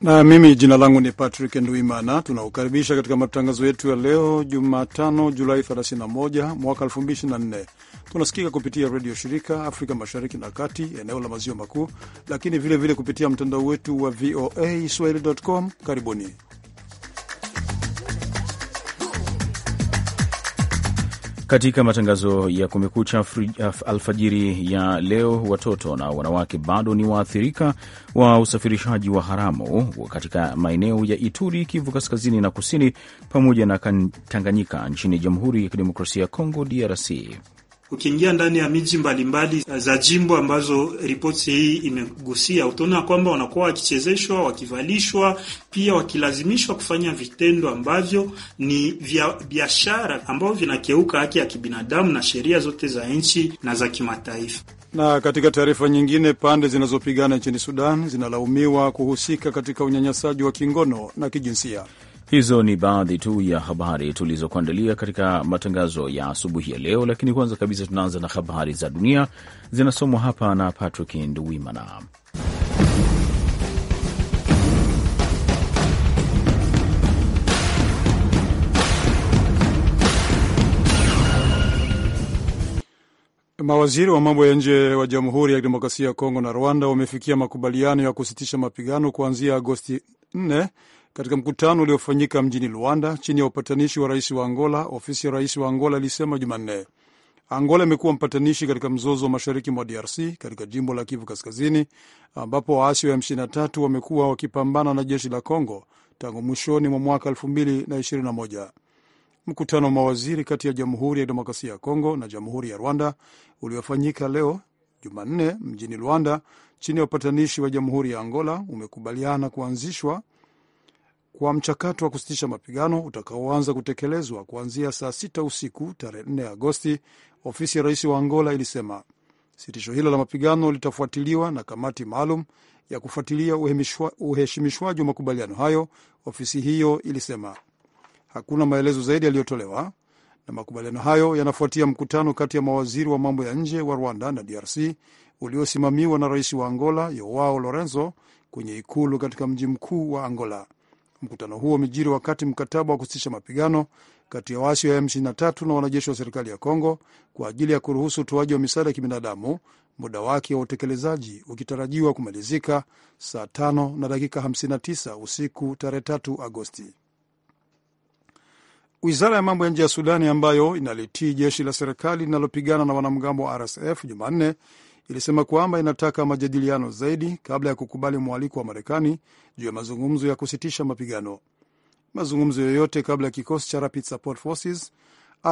na mimi jina langu ni Patrick Nduimana. Tunakukaribisha katika matangazo yetu ya leo Jumatano, Julai 31 mwaka 2024. Tunasikika kupitia redio shirika Afrika Mashariki na Kati, eneo la maziwa makuu, lakini vilevile vile kupitia mtandao wetu wa VOA Swahili.com. Karibuni. Katika matangazo ya Kumekucha alfajiri ya leo, watoto na wanawake bado ni waathirika wa usafirishaji wa haramu katika maeneo ya Ituri, Kivu Kaskazini na Kusini, pamoja na Tanganyika nchini Jamhuri ya Kidemokrasia ya Kongo, DRC ukiingia ndani ya miji mbalimbali eh, za jimbo ambazo ripoti hii imegusia, utaona kwamba wanakuwa wakichezeshwa, wakivalishwa, pia wakilazimishwa kufanya vitendo ambavyo ni vya biashara ambavyo vinakeuka haki ya kibinadamu na sheria zote za nchi na za kimataifa. Na katika taarifa nyingine, pande zinazopigana nchini Sudan zinalaumiwa kuhusika katika unyanyasaji wa kingono na kijinsia. Hizo ni baadhi tu ya habari tulizokuandalia katika matangazo ya asubuhi ya leo, lakini kwanza kabisa tunaanza na habari za dunia zinasomwa hapa na Patrick Nduwimana. Mawaziri wa mambo ya nje wa Jamhuri ya Kidemokrasia ya Kongo na Rwanda wamefikia makubaliano ya kusitisha mapigano kuanzia Agosti 4 katika mkutano uliofanyika mjini Luanda chini ya upatanishi wa rais wa Angola. Ofisi ya rais wa Angola ilisema Jumanne Angola imekuwa mpatanishi katika mzozo wa mashariki mwa DRC katika jimbo la Kivu Kaskazini, ambapo waasi wa M23 wamekuwa wakipambana na jeshi la Congo tangu mwishoni mwa mwaka 2021. Mkutano wa mawaziri kati ya Jamhuri ya Demokrasia ya Kongo na Jamhuri ya Rwanda uliofanyika leo Jumanne mjini Luanda chini ya upatanishi wa Jamhuri ya Angola umekubaliana kuanzishwa kwa mchakato wa kusitisha mapigano utakaoanza kutekelezwa kuanzia saa sita usiku tarehe 4 Agosti, ofisi ya rais wa Angola ilisema. Sitisho hilo la mapigano litafuatiliwa na kamati maalum ya kufuatilia uheshimishwaji wa makubaliano hayo, ofisi hiyo ilisema. Hakuna maelezo zaidi yaliyotolewa, na makubaliano hayo yanafuatia mkutano kati ya mawaziri wa mambo ya nje wa Rwanda na DRC uliosimamiwa na rais wa Angola yowao Lorenzo kwenye ikulu katika mji mkuu wa Angola. Mkutano huo umejiri wakati mkataba wa kusitisha mapigano kati ya waasi wa M23 na wanajeshi wa serikali ya Kongo kwa ajili ya kuruhusu utoaji wa misaada ya kibinadamu, muda wake wa utekelezaji ukitarajiwa kumalizika saa a na dakika 59 usiku tarehe 3 Agosti. Wizara ya mambo ya nje ya Sudani ambayo inalitii jeshi la serikali linalopigana na wanamgambo wa RSF Jumanne ilisema kwamba inataka majadiliano zaidi kabla ya kukubali mwaliko wa Marekani juu ya mazungumzo ya kusitisha mapigano. Mazungumzo yoyote kabla ya kikosi cha Rapid Support Forces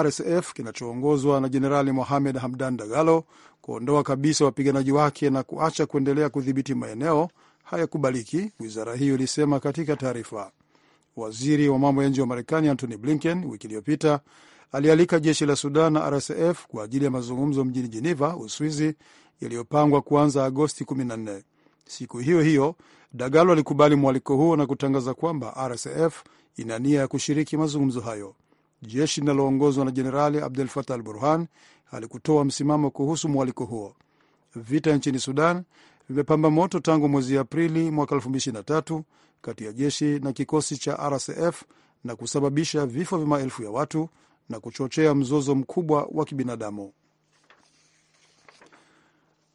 RSF kinachoongozwa na Jenerali Mohamed Hamdan Dagalo kuondoa kabisa wapiganaji wake na kuacha kuendelea kudhibiti maeneo hayakubaliki, wizara hiyo ilisema katika taarifa. Waziri wa mambo ya nje wa Marekani Antony Blinken wiki iliyopita alialika jeshi la Sudan na RSF kwa ajili ya mazungumzo mjini Jeneva, Uswizi, yaliyopangwa kuanza Agosti 14. Siku hiyo hiyo Dagalo alikubali mwaliko huo na kutangaza kwamba RSF ina nia ya kushiriki mazungumzo hayo. Jeshi linaloongozwa na Jenerali Abdel Fattah al Burhan halikutoa msimamo kuhusu mwaliko huo. Vita nchini Sudan vimepamba moto tangu mwezi Aprili mwaka 2023 kati ya jeshi na kikosi cha RSF na kusababisha vifo vya maelfu ya watu na kuchochea mzozo mkubwa wa kibinadamu.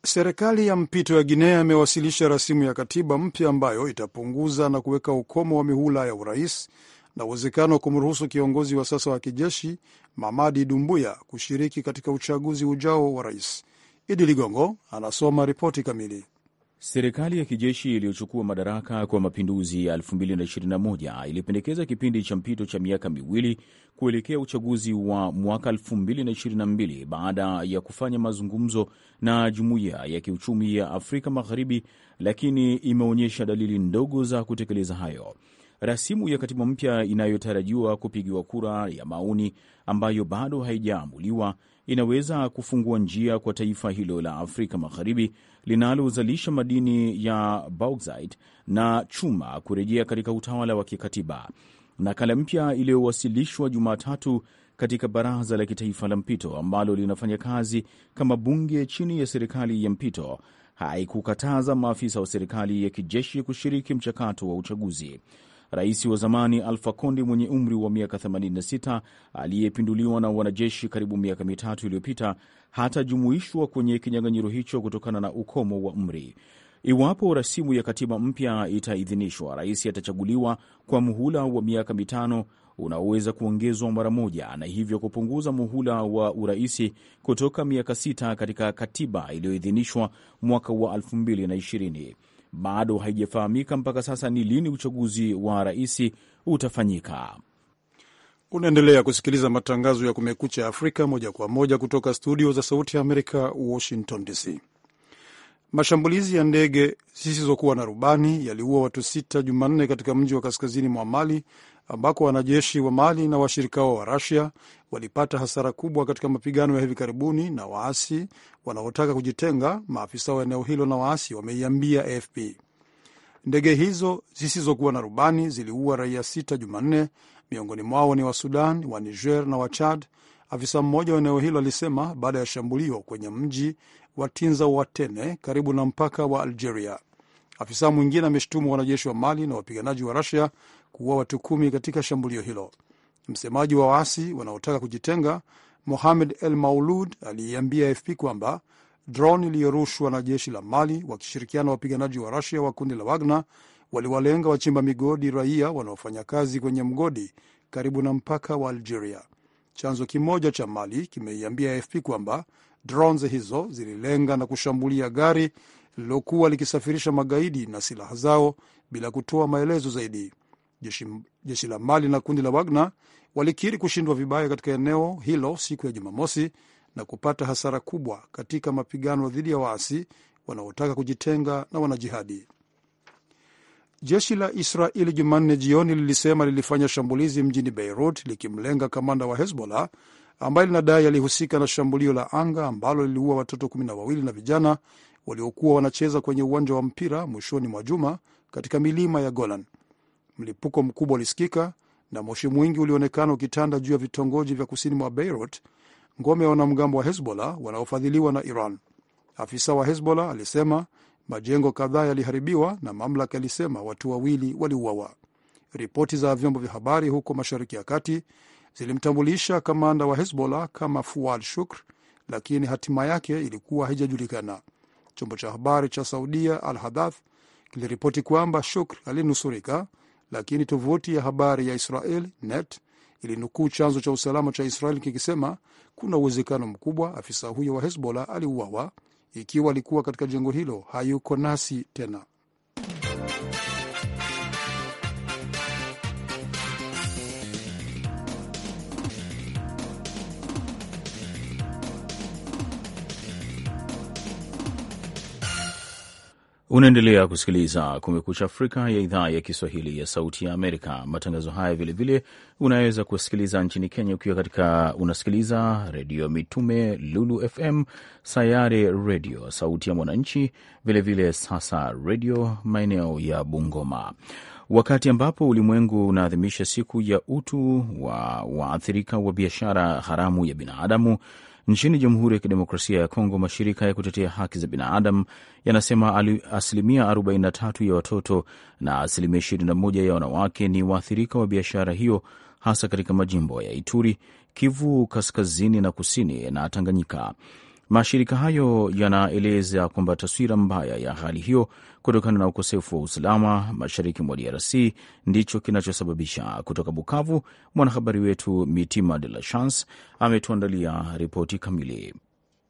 Serikali ya mpito ya Guinea imewasilisha rasimu ya katiba mpya ambayo itapunguza na kuweka ukomo wa mihula ya urais na uwezekano wa kumruhusu kiongozi wa sasa wa kijeshi Mamadi Dumbuya kushiriki katika uchaguzi ujao wa rais. Idi Ligongo anasoma ripoti kamili. Serikali ya kijeshi iliyochukua madaraka kwa mapinduzi ya 2021 ilipendekeza kipindi cha mpito cha miaka miwili kuelekea uchaguzi wa mwaka 2022 baada ya kufanya mazungumzo na Jumuiya ya Kiuchumi ya Afrika Magharibi, lakini imeonyesha dalili ndogo za kutekeleza hayo. Rasimu ya katiba mpya inayotarajiwa kupigiwa kura ya maoni, ambayo bado haijaamuliwa, inaweza kufungua njia kwa taifa hilo la Afrika Magharibi linalozalisha madini ya bauxite na chuma kurejea katika utawala wa kikatiba. Nakala mpya iliyowasilishwa Jumatatu katika baraza la kitaifa la mpito ambalo linafanya kazi kama bunge chini ya serikali ya mpito haikukataza maafisa wa serikali ya kijeshi kushiriki mchakato wa uchaguzi. Rais wa zamani Alfa Konde mwenye umri wa miaka 86 aliyepinduliwa na wanajeshi karibu miaka mitatu iliyopita hatajumuishwa kwenye kinyang'anyiro hicho kutokana na ukomo wa umri. Iwapo rasimu ya katiba mpya itaidhinishwa, rais atachaguliwa kwa muhula wa miaka mitano unaoweza kuongezwa mara moja na hivyo kupunguza muhula wa uraisi kutoka miaka sita katika katiba iliyoidhinishwa mwaka wa 2020 bado haijafahamika mpaka sasa ni lini uchaguzi wa rais utafanyika. Unaendelea kusikiliza matangazo ya Kumekucha Afrika moja kwa moja kutoka studio za Sauti ya Amerika, Washington DC. Mashambulizi ya ndege zisizokuwa na rubani yaliua watu sita Jumanne katika mji wa kaskazini mwa Mali ambako wanajeshi wa Mali na washirika wao wa rasia walipata hasara kubwa katika mapigano ya hivi karibuni na waasi wanaotaka kujitenga, maafisa wa eneo hilo na waasi wameiambia AFP. Ndege hizo zisizokuwa na rubani ziliua raia sita Jumanne, miongoni mwao ni wa Sudan, wa Niger na wa Chad, Afisa mmoja wa eneo hilo alisema baada ya shambulio kwenye mji wa Tinza Watene karibu na mpaka wa Algeria. Afisa mwingine ameshutumu wanajeshi wa Mali na wapiganaji wa Rusia kuua watu kumi katika shambulio hilo. Msemaji wa waasi wanaotaka kujitenga Mohamed El Maulud aliiambia AFP kwamba dron iliyorushwa na jeshi la Mali wakishirikiana na wapiganaji wa Rusia wa kundi la Wagner waliwalenga wachimba migodi raia wanaofanya kazi kwenye mgodi karibu na mpaka wa Algeria. Chanzo kimoja cha Mali kimeiambia AFP kwamba drones hizo zililenga na kushambulia gari lililokuwa likisafirisha magaidi na silaha zao bila kutoa maelezo zaidi. Jeshi, jeshi la Mali na kundi la Wagner walikiri kushindwa vibaya katika eneo hilo siku ya Jumamosi na kupata hasara kubwa katika mapigano dhidi ya waasi wanaotaka kujitenga na wanajihadi. Jeshi la Israeli Jumanne jioni lilisema lilifanya shambulizi mjini Beirut likimlenga kamanda wa Hezbollah ambaye linadai alihusika na shambulio la anga ambalo liliua watoto kumi na wawili na vijana waliokuwa wanacheza kwenye uwanja wa mpira mwishoni mwa juma katika milima ya Golan. Mlipuko mkubwa ulisikika na moshi mwingi ulionekana ukitanda juu ya vitongoji vya kusini mwa Beirut, ngome ya wanamgambo wa Hezbollah wanaofadhiliwa na Iran. Afisa wa Hezbollah alisema Majengo kadhaa yaliharibiwa na mamlaka yalisema watu wawili waliuawa. Ripoti za vyombo vya habari huko Mashariki ya Kati zilimtambulisha kamanda wa Hezbollah kama Fuad Shukr, lakini hatima yake ilikuwa haijajulikana. Chombo cha habari cha Saudia Al Hadath kiliripoti kwamba Shukr alinusurika, lakini tovuti ya habari ya Israel Net ilinukuu chanzo cha usalama cha Israel kikisema kuna uwezekano mkubwa afisa huyo wa Hezbollah aliuawa, ikiwa alikuwa katika jengo hilo hayuko nasi tena. Unaendelea kusikiliza Kumekucha Afrika ya idhaa ya Kiswahili ya Sauti ya Amerika. Matangazo haya vilevile unaweza kusikiliza nchini Kenya ukiwa katika unasikiliza Redio Mitume, Lulu FM, Sayare Redio, Sauti ya Mwananchi, vilevile Sasa Redio maeneo ya Bungoma. Wakati ambapo ulimwengu unaadhimisha siku ya utu wa waathirika wa biashara haramu ya binadamu Nchini Jamhuri ya Kidemokrasia ya Kongo, mashirika ya kutetea haki za binadamu yanasema asilimia 43 ya watoto na asilimia 21 ya wanawake ni waathirika wa biashara hiyo, hasa katika majimbo ya Ituri, Kivu Kaskazini na Kusini na Tanganyika. Mashirika hayo yanaeleza kwamba taswira mbaya ya hali hiyo kutokana na ukosefu wa usalama mashariki mwa DRC ndicho kinachosababisha. Kutoka Bukavu, mwanahabari wetu Mitima De La Chance ametuandalia ripoti kamili.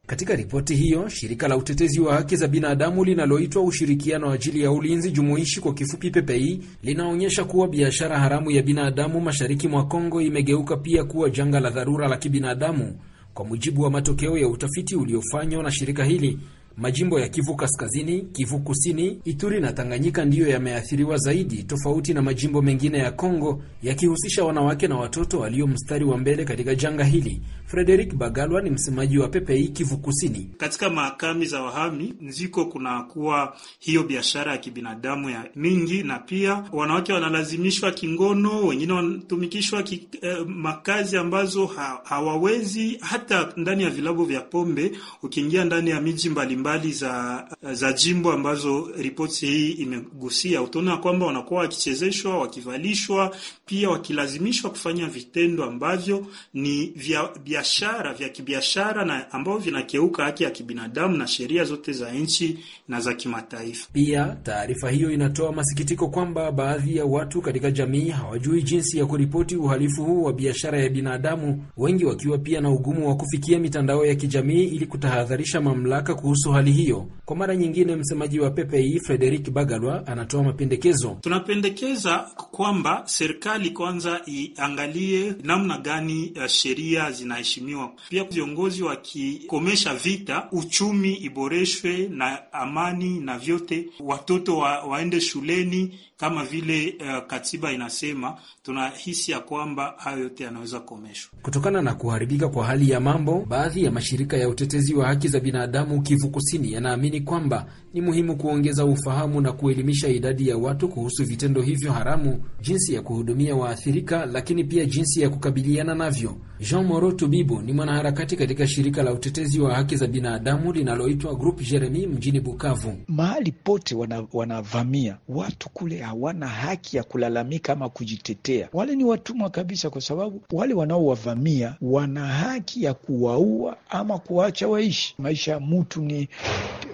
Katika ripoti hiyo, shirika la utetezi wa haki za binadamu linaloitwa Ushirikiano wa ajili ya Ulinzi Jumuishi, kwa kifupi PPI, e, linaonyesha kuwa biashara haramu ya binadamu mashariki mwa Kongo imegeuka pia kuwa janga la dharura la kibinadamu kwa mujibu wa matokeo ya utafiti uliofanywa na shirika hili Majimbo ya Kivu Kaskazini, Kivu Kusini, Ituri na Tanganyika ndiyo yameathiriwa zaidi, tofauti na majimbo mengine ya Kongo yakihusisha wanawake na watoto walio mstari wa mbele katika janga hili. Frederik Bagalwa ni msemaji wa PPI Kivu Kusini. Katika mahakami za wahami nziko kunakuwa hiyo biashara ya kibinadamu ya mingi, na pia wanawake wanalazimishwa kingono, wengine wanatumikishwa ki, eh, makazi ambazo ha, hawawezi hata ndani ya vilabu vya pombe. Ukiingia ndani ya miji mbalimbali mbalimbali za, za jimbo ambazo ripoti hii imegusia, utaona kwamba wanakuwa wakichezeshwa, wakivalishwa, pia wakilazimishwa kufanya vitendo ambavyo ni vya biashara, vya kibiashara na ambavyo vinakeuka haki ya kibinadamu na sheria zote za nchi na za kimataifa. Pia taarifa hiyo inatoa masikitiko kwamba baadhi ya watu katika jamii hawajui jinsi ya kuripoti uhalifu huu wa biashara ya binadamu, wengi wakiwa pia na ugumu wa kufikia mitandao ya kijamii ili kutahadharisha mamlaka kuhusu hali hiyo. Kwa mara nyingine, msemaji wa PPI Frederik Bagalwa anatoa mapendekezo. Tunapendekeza kwamba serikali kwanza iangalie namna gani uh, sheria zinaheshimiwa, pia viongozi wakikomesha vita, uchumi iboreshwe na amani, na vyote watoto wa, waende shuleni kama vile uh, katiba inasema, tunahisi ya kwamba hayo yote yanaweza kukomeshwa. Kutokana na kuharibika kwa hali ya mambo, baadhi ya mashirika ya utetezi wa haki za binadamu Kivu Kusini yanaamini kwamba ni muhimu kuongeza ufahamu na kuelimisha idadi ya watu kuhusu vitendo hivyo haramu, jinsi ya kuhudumia waathirika, lakini pia jinsi ya kukabiliana navyo. Jean Moro Tubibo ni mwanaharakati katika shirika la utetezi wa haki za binadamu linaloitwa Group Jeremi mjini Bukavu. Mahali pote wana, wanavamia watu kule, hawana haki ya kulalamika ama kujitetea. Wale ni watumwa kabisa, kwa sababu wale wanaowavamia wana haki ya kuwaua ama kuwaacha waishi. Maisha ya mtu ni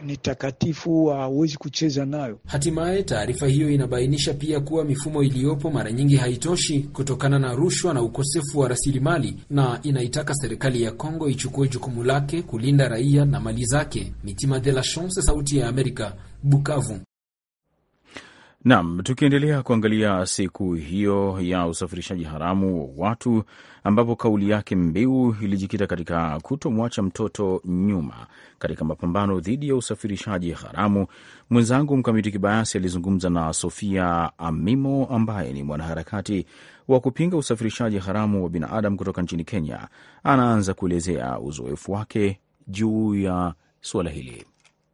ni takatifu, hawezi kucheza nayo. Hatimaye taarifa hiyo inabainisha pia kuwa mifumo iliyopo mara nyingi haitoshi kutokana na rushwa na ukosefu wa rasilimali na inaitaka serikali ya Kongo ichukue jukumu lake kulinda raia na mali zake. Mitima de la Chance, Sauti ya Amerika, Bukavu. Nam, tukiendelea kuangalia siku hiyo ya usafirishaji haramu wa watu, ambapo kauli yake mbiu ilijikita katika kutomwacha mtoto nyuma katika mapambano dhidi ya usafirishaji haramu. Mwenzangu Mkamiti Kibayasi alizungumza na Sofia Amimo ambaye ni mwanaharakati wa kupinga usafirishaji haramu wa binadamu kutoka nchini Kenya anaanza kuelezea uzoefu wake juu ya suala hili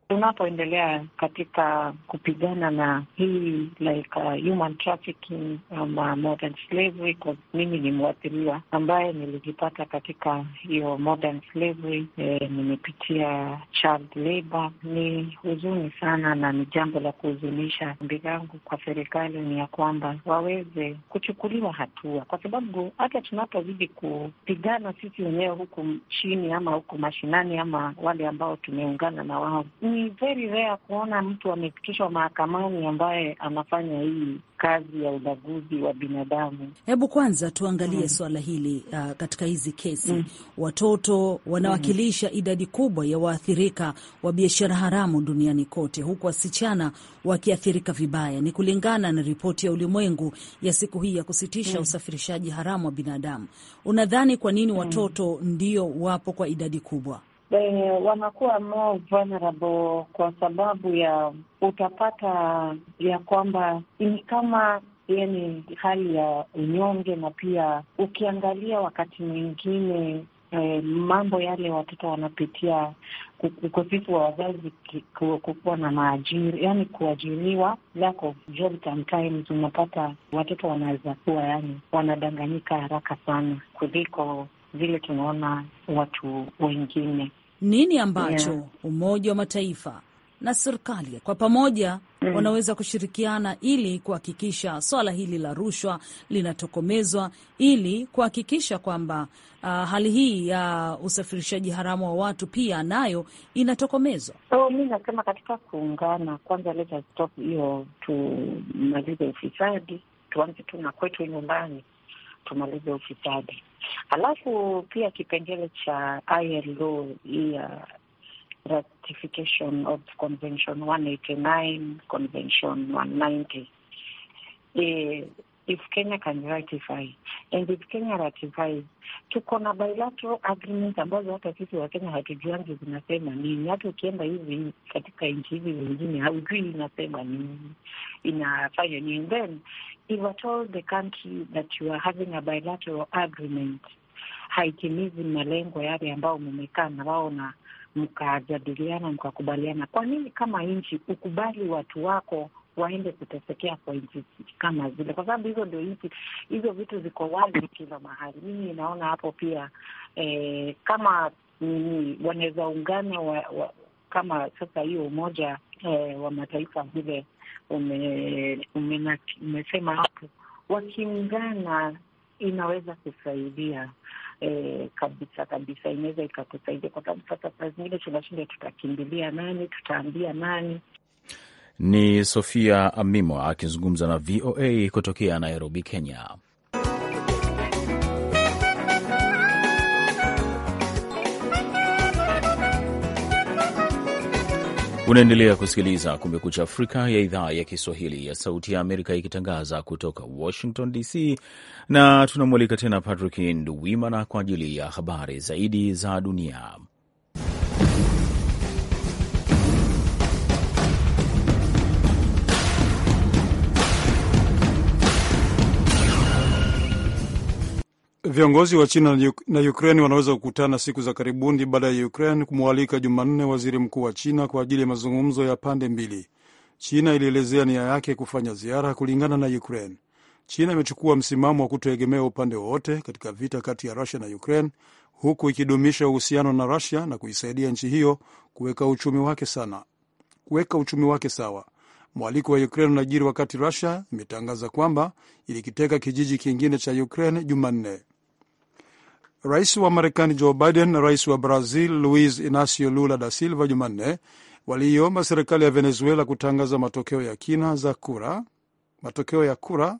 tunapoendelea katika kupigana na hii like uh, human trafficking ama modern slavery, kwa mimi ni mwathiriwa ambaye nilijipata katika hiyo modern slavery eh, nimepitia child labor. Ni huzuni sana na ni jambo la kuhuzunisha. Ombi langu kwa serikali ni ya kwamba waweze kuchukuliwa hatua, kwa sababu hata tunapozidi kupigana sisi wenyewe huku chini ama huku mashinani ama wale ambao tumeungana na wao ni very rare kuona mtu amefikishwa mahakamani ambaye anafanya hii kazi ya ubaguzi wa binadamu. Hebu kwanza tuangalie mm. swala hili uh, katika hizi kesi mm. watoto wanawakilisha mm. idadi kubwa ya waathirika wa biashara haramu duniani kote, huku wasichana wakiathirika vibaya. Ni kulingana na ripoti ya ulimwengu ya siku hii ya kusitisha mm. usafirishaji haramu wa binadamu. Unadhani kwa nini mm. watoto mm. ndio wapo kwa idadi kubwa? Eh, wanakuwa more vulnerable kwa sababu ya utapata ya kwamba ni kama yani hali ya unyonge, na pia ukiangalia wakati mwingine eh, mambo yale watoto wanapitia, ukosefu wa wazazi kukuwa na maajiri, yani kuajiriwa, lack of job, sometimes unapata watoto wanaweza kuwa yani wanadanganyika haraka sana kuliko vile tunaona watu wengine. Nini ambacho yeah, Umoja wa Mataifa na serikali kwa pamoja mm, wanaweza kushirikiana ili kuhakikisha swala hili la rushwa linatokomezwa, ili kuhakikisha kwamba uh, hali hii ya uh, usafirishaji haramu wa watu pia nayo inatokomezwa. So mi nasema katika kuungana kwanza, let us stop hiyo, tumalize ufisadi, tuanze tu na kwetu nyumbani, tumalize ufisadi. Halafu pia kipengele cha ILO hii ya ratification of convention 189, convention 190 e, eh, if Kenya can ratify and if Kenya ratifies, tuko na bilateral agreement ambazo hata sisi wa Kenya hatujuangi zinasema nini. Hata ukienda hivi katika nchi hizi zingine haujui inasema nini, inafanya nini. Then if at all the country that you are having a bilateral agreement haitimizi malengo yale ambayo mumekaa na wao na mkajadiliana mkakubaliana, kwa nini kama nchi ukubali watu wako waende kutesekea kwa nchi kama zile, kwa sababu hizo ndio nchi hizo vitu ziko wazi kila mahali. Mimi inaona hapo pia e, kama wanawezaungana wanaweza ungana wa, wa, kama sasa hiyo Umoja e, wa Mataifa vile ume, ume, umesema hapo, wakiungana inaweza kusaidia E, kabisa kabisa, inaweza ikakusaidia kwa sababu sasa saa zingine tunashinda tutakimbilia nani, tutaambia nani ni Sofia Amimo akizungumza na VOA kutokea Nairobi, Kenya. Unaendelea kusikiliza Kumekucha Afrika ya idhaa ya Kiswahili ya Sauti ya Amerika ikitangaza kutoka Washington DC, na tunamwalika tena Patrick Nduwimana kwa ajili ya habari zaidi za dunia. Viongozi wa China na Ukraine wanaweza kukutana siku za karibuni baada ya Ukraine kumwalika Jumanne waziri mkuu wa China kwa ajili ya mazungumzo ya pande mbili. China ilielezea nia yake kufanya ziara kulingana na Ukraine. China imechukua msimamo wa kutoegemea upande wowote katika vita kati ya Rusia na Ukraine, huku ikidumisha uhusiano na Rusia na kuisaidia nchi hiyo kuweka uchumi wake sana kuweka uchumi wake sawa. Mwaliko wa Ukraine unajiri wakati Rusia imetangaza kwamba ilikiteka kijiji kingine cha Ukraine Jumanne. Rais wa Marekani Joe Biden na rais wa Brazil Luis Inacio Lula da Silva Jumanne waliiomba serikali ya Venezuela kutangaza matokeo ya kina za kura, matokeo ya kura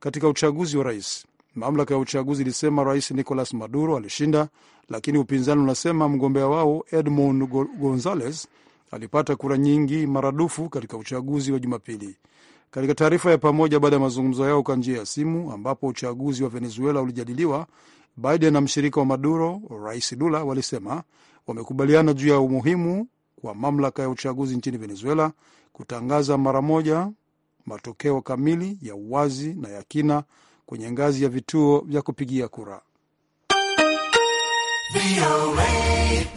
katika uchaguzi wa rais. Mamlaka ya uchaguzi ilisema rais Nicolas Maduro alishinda, lakini upinzani unasema mgombea wao edmund Gonzales alipata kura nyingi maradufu katika uchaguzi wa Jumapili. Katika taarifa ya pamoja baada ya mazungumzo yao kwa njia ya simu, ambapo uchaguzi wa Venezuela ulijadiliwa, Biden na mshirika wa Maduro, Rais Lula, walisema wamekubaliana juu ya umuhimu kwa mamlaka ya uchaguzi nchini Venezuela kutangaza mara moja matokeo kamili ya uwazi na ya kina kwenye ngazi ya vituo vya kupigia kura.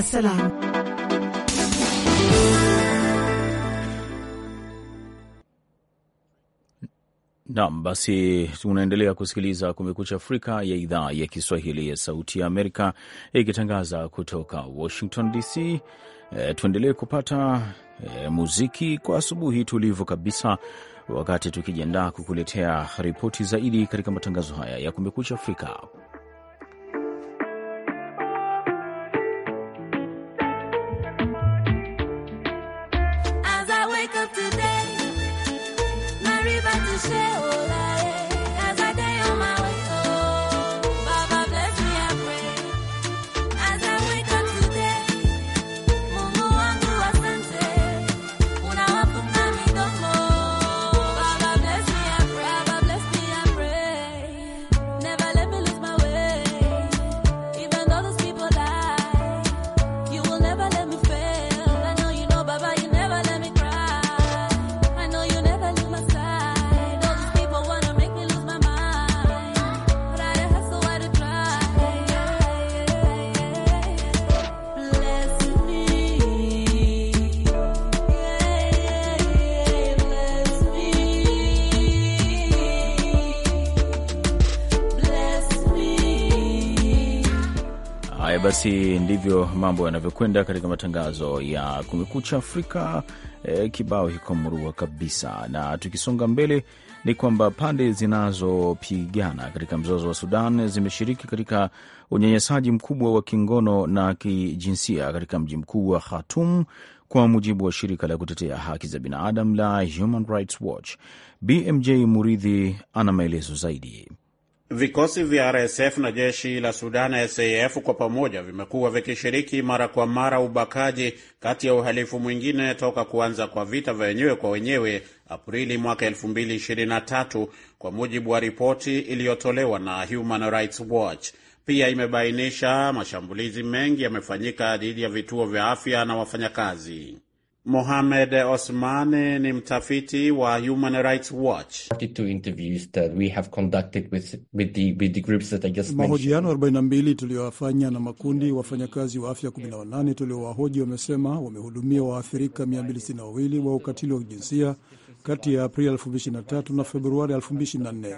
Salam. Naam, basi unaendelea kusikiliza Kumekucha Afrika ya idhaa ya Kiswahili ya Sauti ya Amerika ikitangaza kutoka Washington DC. E, eh, tuendelee kupata e, muziki kwa asubuhi tulivu kabisa, wakati tukijiandaa kukuletea ripoti zaidi katika matangazo haya ya Kumekucha Afrika. basi ndivyo mambo yanavyokwenda katika matangazo ya Kumekucha Afrika. E, kibao hiko murua kabisa. Na tukisonga mbele ni kwamba pande zinazopigana katika mzozo wa Sudan zimeshiriki katika unyanyasaji mkubwa wa kingono na kijinsia katika mji mkuu wa khatum kwa mujibu wa shirika la kutetea haki za binadam la Human Rights Watch. BMJ Muridhi ana maelezo zaidi. Vikosi vya RSF na jeshi la Sudan SAF kwa pamoja vimekuwa vikishiriki mara kwa mara ubakaji, kati ya uhalifu mwingine toka kuanza kwa vita vya wenyewe kwa wenyewe Aprili mwaka 2023 kwa mujibu wa ripoti iliyotolewa na Human Rights Watch. Pia imebainisha mashambulizi mengi yamefanyika dhidi ya vituo vya afya na wafanyakazi. Mohamed Osmani ni mtafiti wa Human Rights Watch. Mahojiano 42 tuliyoyafanya na makundi wafanyakazi wa afya 18 tuliowahoji wamesema wamehudumia waathirika 262 wa ukatili wa kijinsia kati ya Aprili 2023 na Februari 2024.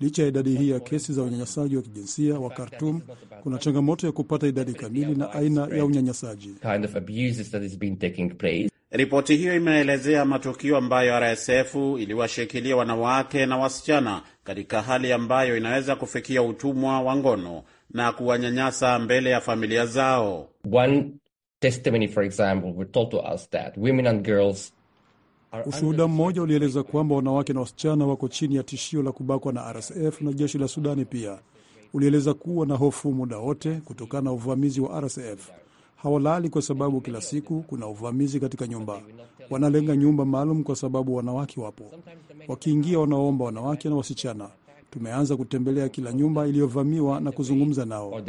Licha ya idadi hii ya kesi za unyanyasaji wa kijinsia wa Khartoum, kuna changamoto ya kupata idadi kamili na aina ya unyanyasaji kind of Ripoti hiyo imeelezea matukio ambayo RSF iliwashikilia wanawake na wasichana katika hali ambayo inaweza kufikia utumwa wa ngono na kuwanyanyasa mbele ya familia zao. One testimony for example were told to us that women and girls Ushuhuda mmoja ulieleza kwamba wanawake na wasichana wako chini ya tishio la kubakwa na RSF na jeshi la Sudani. Pia ulieleza kuwa na hofu muda wote kutokana na uvamizi wa RSF hawalali kwa sababu kila siku kuna uvamizi katika nyumba. Wanalenga nyumba maalum kwa sababu wanawake wapo. Wakiingia wanaomba wanawake na wasichana. Tumeanza kutembelea kila nyumba iliyovamiwa na kuzungumza nao.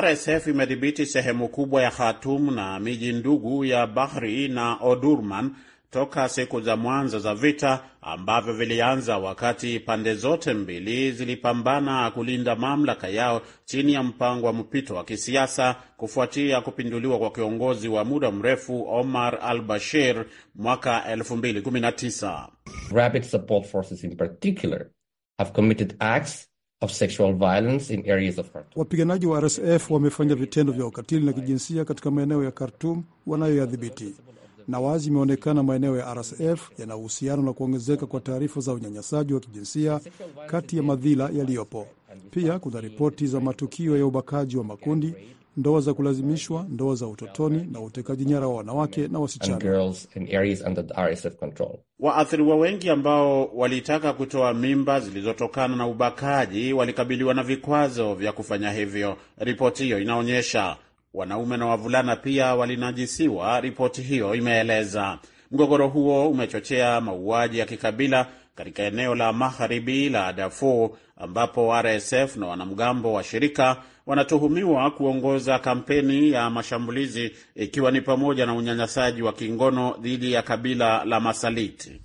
RSF imedhibiti sehemu kubwa ya Khartoum na miji ndugu ya Bahri na odurman toka siku za mwanzo za vita ambavyo vilianza wakati pande zote mbili zilipambana kulinda mamlaka yao chini ya mpango wa mpito wa kisiasa kufuatia kupinduliwa kwa kiongozi wa muda mrefu Omar al-Bashir mwaka 2019. Rapid support forces in particular have committed acts of sexual violence in areas of Khartoum. Wapiganaji wa RSF wamefanya vitendo vya ukatili na kijinsia katika maeneo ya Khartoum wanayoyadhibiti na wazi imeonekana maeneo ya RSF yana uhusiano na kuongezeka kwa taarifa za unyanyasaji wa kijinsia kati ya madhila yaliyopo. Pia kuna ripoti za matukio ya ubakaji wa makundi, ndoa za kulazimishwa, ndoa za utotoni na utekaji nyara wa wanawake na wasichana. Waathiriwa wengi ambao walitaka kutoa mimba zilizotokana na ubakaji walikabiliwa na vikwazo vya kufanya hivyo, ripoti hiyo inaonyesha. Wanaume na wavulana pia walinajisiwa, ripoti hiyo imeeleza. Mgogoro huo umechochea mauaji ya kikabila katika eneo la magharibi la Darfur ambapo RSF na wanamgambo wa shirika wanatuhumiwa kuongoza kampeni ya mashambulizi ikiwa ni pamoja na unyanyasaji wa kingono dhidi ya kabila la Masaliti.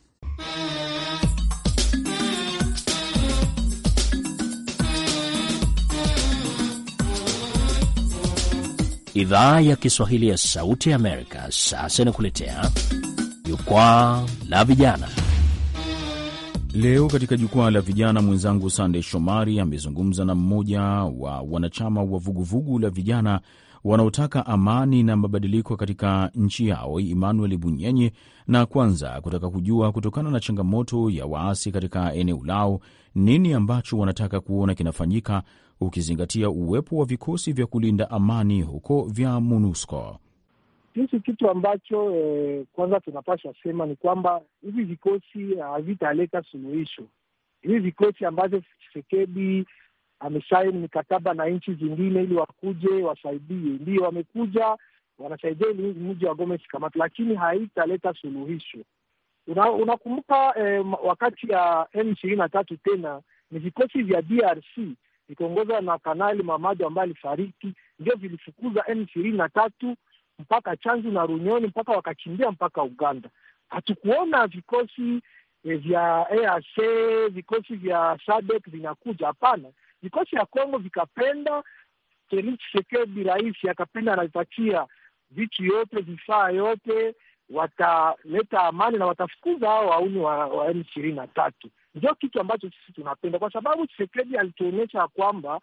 Idhaa ya Kiswahili ya Sauti ya Amerika sasa inakuletea Jukwaa la Vijana. Leo katika Jukwaa la Vijana, mwenzangu Sandey Shomari amezungumza na mmoja wa wanachama wa vuguvugu la vijana wanaotaka amani na mabadiliko katika nchi yao, Emmanuel Bunyenye, na kwanza kutaka kujua kutokana na changamoto ya waasi katika eneo lao, nini ambacho wanataka kuona kinafanyika ukizingatia uwepo wa vikosi vya kulinda amani huko vya MONUSCO. Hichi kitu ambacho eh, kwanza tunapasha sema ni kwamba hivi vikosi havitaleta suluhisho. Hivi vikosi ambavyo Chisekedi amesaini mikataba na nchi zingine ili wakuje wasaidie, ndio wamekuja wanasaidia ili mji wa Goma isikamata, lakini haitaleta suluhisho. Unakumbuka una eh, wakati ya M ishirini na tatu tena ni vikosi vya DRC vikiongozwa na Kanali Mamadu ambaye alifariki, ndio vilifukuza M ishirini na tatu mpaka Chanzu na Runyoni, mpaka wakakimbia mpaka Uganda. Hatukuona vikosi e, vya EAC vikosi vya SADC vinakuja, hapana. Vikosi ya Kongo vikapenda Felix Tshisekedi rais akapenda, anapatia vitu yote vifaa yote, wataleta amani na watafukuza hao wauni wa M ishirini na tatu. Ndio kitu ambacho sisi tunapenda, kwa sababu Tshisekedi alituonyesha kwamba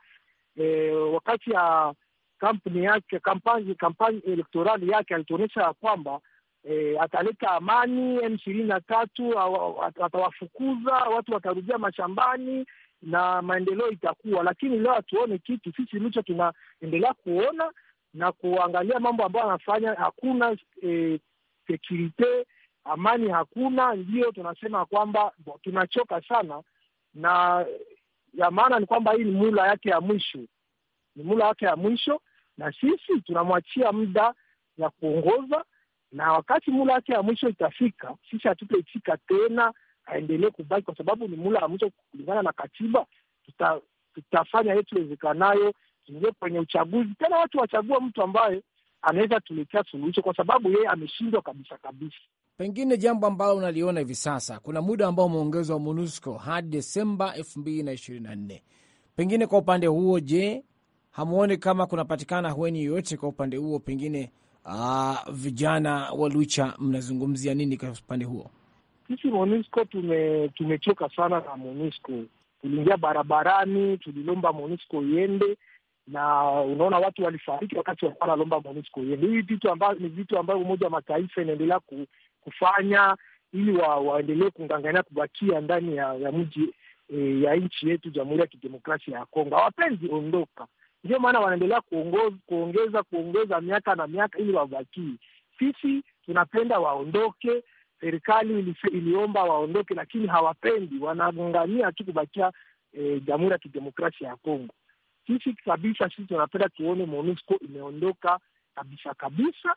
eh, wakati ya kampuni yake kampani kampani elektorali yake alituonyesha ya kwamba E, ataleta amani m ishirini na tatu atawafukuza watu, watarudia mashambani na maendeleo itakuwa. Lakini leo hatuone kitu. Sisi licho tunaendelea kuona na kuangalia mambo ambayo anafanya, hakuna e, eh, sekurite amani hakuna. Ndiyo tunasema kwamba tunachoka sana, na ya maana ni kwamba hii ni mula yake ya mwisho, ni mula yake ya mwisho, na sisi tunamwachia muda ya kuongoza, na wakati mula yake ya mwisho itafika, sisi hatutaitika tena aendelee kubaki, kwa sababu ni mula ya mwisho kulingana na katiba. Tuta, tutafanya yetu wezekanayo tuingie kwenye uchaguzi tena, watu wachagua mtu ambaye anaweza tuletea suluhisho, kwa sababu yeye ameshindwa kabisa kabisa pengine jambo ambalo unaliona hivi sasa, kuna muda ambao umeongezwa MONUSCO hadi Desemba 2024. Pengine kwa upande huo, je, hamuoni kama kunapatikana hueni yoyote kwa upande huo? Pengine uh, vijana wa Lucha mnazungumzia nini kwa upande huo? Sisi MONUSCO tume, tumechoka sana na MONUSCO. Tuliingia barabarani, tulilomba MONUSCO iende na unaona watu walifariki wakati walikuwa wanalomba MONUSCO iende. Hii vitu ambavyo ni vitu ambayo Umoja wa Mataifa inaendelea kufanya ili wa, waendelee kungangania kubakia ndani ya, ya mji e, ya nchi yetu Jamhuri ya Kidemokrasia ya Kongo. Hawapendi ondoka, ndio maana wanaendelea kuongeza kuongeza miaka na miaka ili wabakie. Sisi tunapenda waondoke. Serikali ili, iliomba waondoke, lakini hawapendi, wanagangania tu kubakia e, Jamhuri ya Kidemokrasia ya Kongo. Sisi kabisa, sisi tunapenda tuone MONUSCO imeondoka kabisa kabisa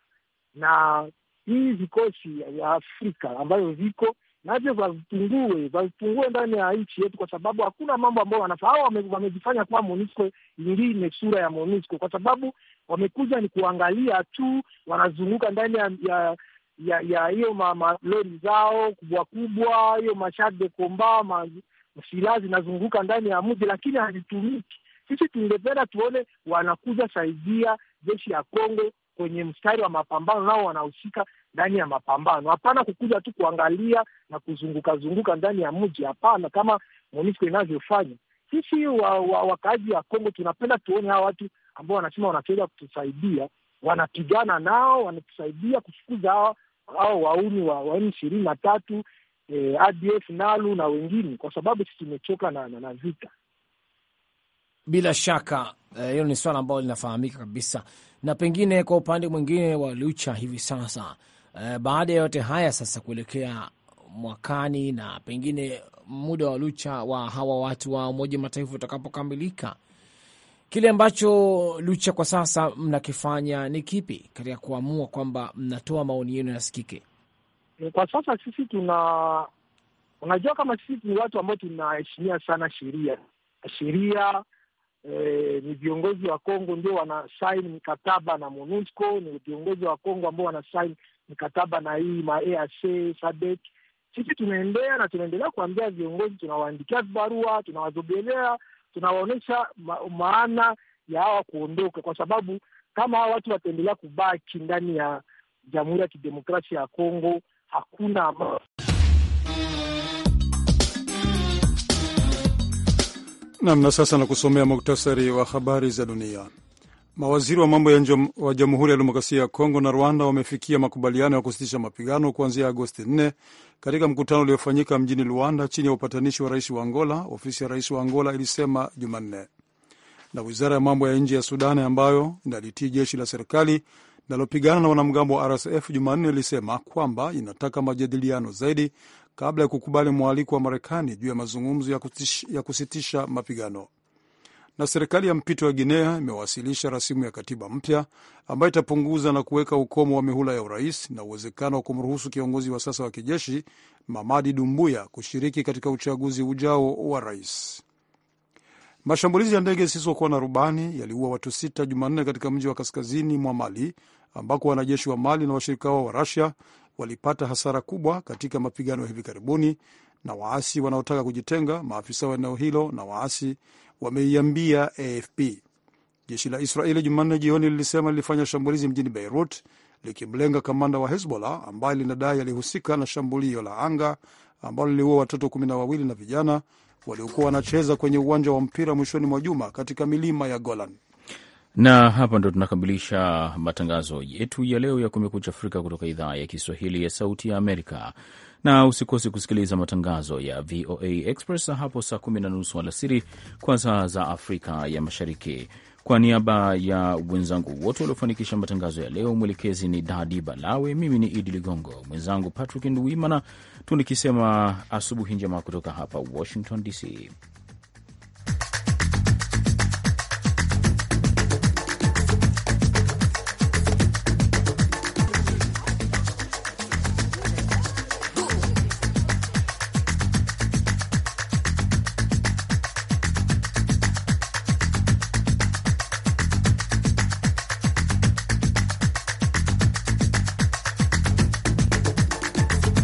na hii vikosi vya Afrika ambavyo viko navyo vavipungue, vavipungue ndani ya nchi yetu, kwa sababu hakuna mambo ambayo wanafaa. Wamejifanya kuwa MONUSCO ingine, sura ya MONUSCO, kwa sababu wamekuja ni kuangalia tu, wanazunguka ndani ya ya ya ya hiyo malori zao kubwa kubwa, hiyo mashade komba silaha zinazunguka ndani ya mji, lakini hazitumiki. Sisi tungependa tuone wanakuja saidia jeshi ya Kongo kwenye mstari wa mapambano, nao wanahusika ndani ya mapambano. Hapana kukuja tu kuangalia na kuzungukazunguka ndani ya mji, hapana, kama MONUSCO inavyofanya. Sisi wa, wa, wakaaji ya Kongo tunapenda tuone hawa watu ambao wanasema wanachoweza kutusaidia, wanapigana nao, wanatusaidia kufukuza hawa hao wauni wa wauni ishirini na tatu eh, ADF NALU na wengine, kwa sababu sisi tumechoka na, na, na vita. Bila shaka eh, hilo eh, ni swala ambalo linafahamika kabisa na pengine kwa upande mwingine wa Lucha hivi sasa e, baada ya yote haya sasa kuelekea mwakani na pengine muda wa Lucha wa hawa watu wa Umoja Mataifa utakapokamilika, kile ambacho Lucha kwa sasa mnakifanya ni kipi katika kuamua kwamba mnatoa maoni yenu yasikike? Kwa sasa sisi tuna, unajua kama sisi ni watu ambao tunaheshimia sana sheria sheria Eh, ni viongozi wa Kongo ndio wanasaini mkataba na MONUSCO, ni viongozi wa Kongo ambao wanasaini mkataba na hii maac e SADC. Sisi tunaendea na tunaendelea kuambia viongozi, tunawaandikia vibarua, tunawazogelea, tunawaonyesha ma maana ya hawa kuondoka, kwa sababu kama hawa watu wataendelea kubaki ndani ya Jamhuri ya Kidemokrasia ya Kongo hakuna Nam na sasa na kusomea muktasari wa habari za dunia. Mawaziri wa mambo ya wa Jamhuri ya Demokrasia ya Kongo na Rwanda wamefikia makubaliano ya kusitisha mapigano kuanzia Agosti 4 katika mkutano uliofanyika mjini Luanda chini ya upatanishi wa rais wa Angola, ofisi ya rais wa Angola ilisema Jumanne. Na wizara ya mambo ya nje ya Sudani ambayo inalitii jeshi la serikali linalopigana na wanamgambo wa RSF Jumanne ilisema kwamba inataka majadiliano zaidi kabla ya kukubali mwaliko wa Marekani juu ya mazungumzo ya, ya kusitisha mapigano. Na serikali ya mpito ya Guinea imewasilisha rasimu ya katiba mpya ambayo itapunguza na kuweka ukomo wa mihula ya urais na uwezekano wa kumruhusu kiongozi wa sasa wa kijeshi Mamadi Dumbuya kushiriki katika uchaguzi ujao wa rais. Mashambulizi ya ndege zisizokuwa na rubani yaliua watu sita Jumanne katika mji wa kaskazini mwa Mali, ambako wanajeshi wa Mali na washirika wao wa Rusia walipata hasara kubwa katika mapigano ya hivi karibuni na waasi wanaotaka kujitenga. Maafisa wa eneo hilo na waasi wameiambia AFP. Jeshi la Israeli Jumanne jioni lilisema lilifanya shambulizi mjini Beirut likimlenga kamanda wa Hezbollah ambaye linadai alihusika na shambulio la anga ambalo liliua watoto kumi na wawili na vijana waliokuwa wanacheza kwenye uwanja wa mpira mwishoni mwa juma katika milima ya Golan. Na hapa ndo tunakamilisha matangazo yetu ya leo ya Kumekucha Afrika kutoka idhaa ya Kiswahili ya Sauti ya Amerika, na usikose kusikiliza matangazo ya VOA Express hapo saa kumi na nusu alasiri kwa saa za Afrika ya Mashariki. Kwa niaba ya wenzangu wote waliofanikisha matangazo ya leo, mwelekezi ni Dadi Balawe, mimi ni Idi Ligongo, mwenzangu Patrick Nduwimana, tunikisema asubuhi njema kutoka hapa Washington DC.